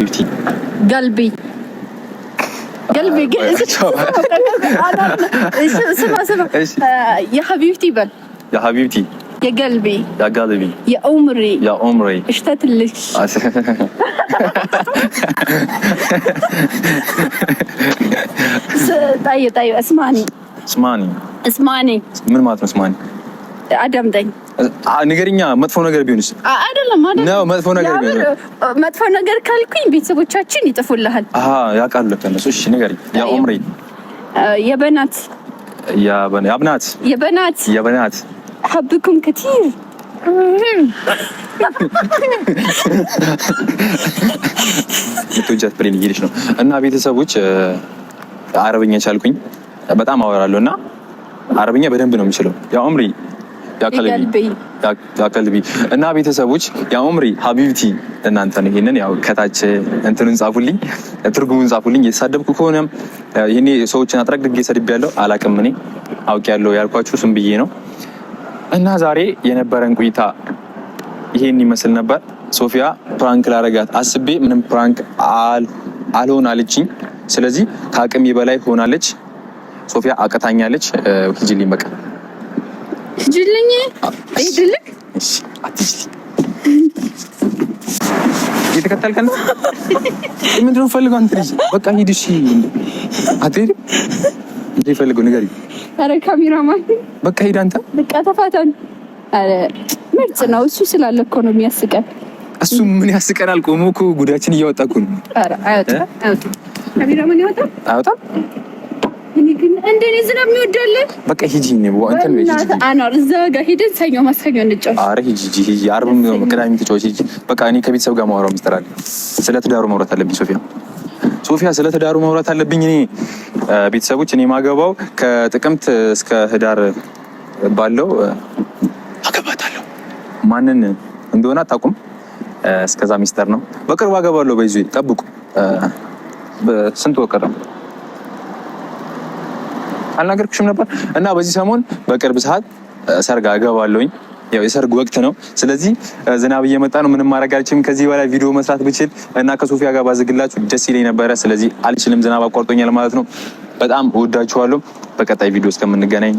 حبيبتي قلبي قلبي سمع سمع يا حبيبتي بل يا حبيبتي يا قلبي يا قلبي يا عمري يا عمري اشتقت لك طيب طيب اسمعني اسمعني اسمعني من ما اسمعني አዳምጠኝ፣ ንገርኛ። መጥፎ ነገር ቢሆንስ? አይደለም ነው መጥፎ ነገር ቢሆን መጥፎ ነገር ካልኩኝ ቤተሰቦቻችን ይጥፉልሃል። ያውቃሉ ከነሱ። እሺ ንገሪኝ። ያ ኦምሪ የበናት ያብናት የበናት የበናት ሀብኩም ከቲር ምትወጃት ብሬን እየሄደች ነው እና ቤተሰቦች አረብኛ ቻልኩኝ በጣም አወራለሁ እና አረብኛ በደንብ ነው የሚችለው ያ ኦምሪ ያቀልቢ እና ቤተሰቦች የአምሪ ሀቢብቲ እናንተ ነው። ይሄንን ያው ከታች እንትኑን ጻፉልኝ፣ ትርጉሙን ጻፉልኝ። የተሳደብኩ ከሆነ ይሄኔ ሰዎችን አጥራቅ ድጌ ያለው አላቅም እኔ አውቅ ያለው ያልኳችሁ ስም ብዬ ነው። እና ዛሬ የነበረን ቆይታ ይሄን ይመስል ነበር። ሶፊያ ፕራንክ ላረጋት አስቤ ምንም ፕራንክ አልሆን አለችኝ። ስለዚህ ከአቅሜ በላይ ሆናለች። ሶፊያ አቅታኛለች። ሂጅልኝ በቃ አትጅልኝ ይድልክ የተከተልከን ምንድን ነው ፈልገው? አንተ ልጅ በቃ ሂድ። እሺ አትሄድም እንዴ? ፈልገው ንገሪ። አረ ካሜራማን በቃ ሂድ አንተ። በቃ ተፋታን። አረ ምርጥ ነው እሱ ስላለ እኮ ነው የሚያስቀን። እሱ ምን ያስቀናል? ቆሞ እኮ ጉዳችን እያወጣኩ ነው። አረ አይወጣም፣ አይወጣም። ካሜራማን ያወጣ አይወጣም እንደኔ ዝናብ የሚወዳለን በቃ ሂጂ አኗር እዛ ጋር ሄደን ሰኞ ማሰኞ እንጫወት። ኧረ ሂጂ ሂጂ፣ ዓርብ ቅዳሜ ተጫወች ሂጂ። በቃ እኔ ከቤተሰብ ጋር ማውራው ሚስጥር አለ። ስለ ትዳሩ ማውራት አለብኝ ሶፊያ ሶፊያ ስለ ትዳሩ ማውራት አለብኝ። እኔ ቤተሰቦች እኔ ማገባው ከጥቅምት እስከ ህዳር ባለው አገባታለሁ። ማንን እንደሆነ አታውቁም። እስከዛ ሚስጥር ነው። በቅርቡ አገባለሁ። በይዙ ጠብቁ። ስንት ወቀረ አልነገርኩሽም ነበር እና በዚህ ሰሞን በቅርብ ሰዓት ሰርግ አገባለሁኝ። ያው የሰርግ ወቅት ነው። ስለዚህ ዝናብ እየመጣ ነው። ምንም ማድረግ አልችልም። ከዚህ በላይ ቪዲዮ መስራት ብችል እና ከሶፊያ ጋር ባዝግላችሁ ደስ ይለኝ ነበረ። ስለዚህ አልችልም፣ ዝናብ አቋርጦኛል ማለት ነው። በጣም እወዳችኋለሁ። በቀጣይ ቪዲዮ እስከምንገናኝ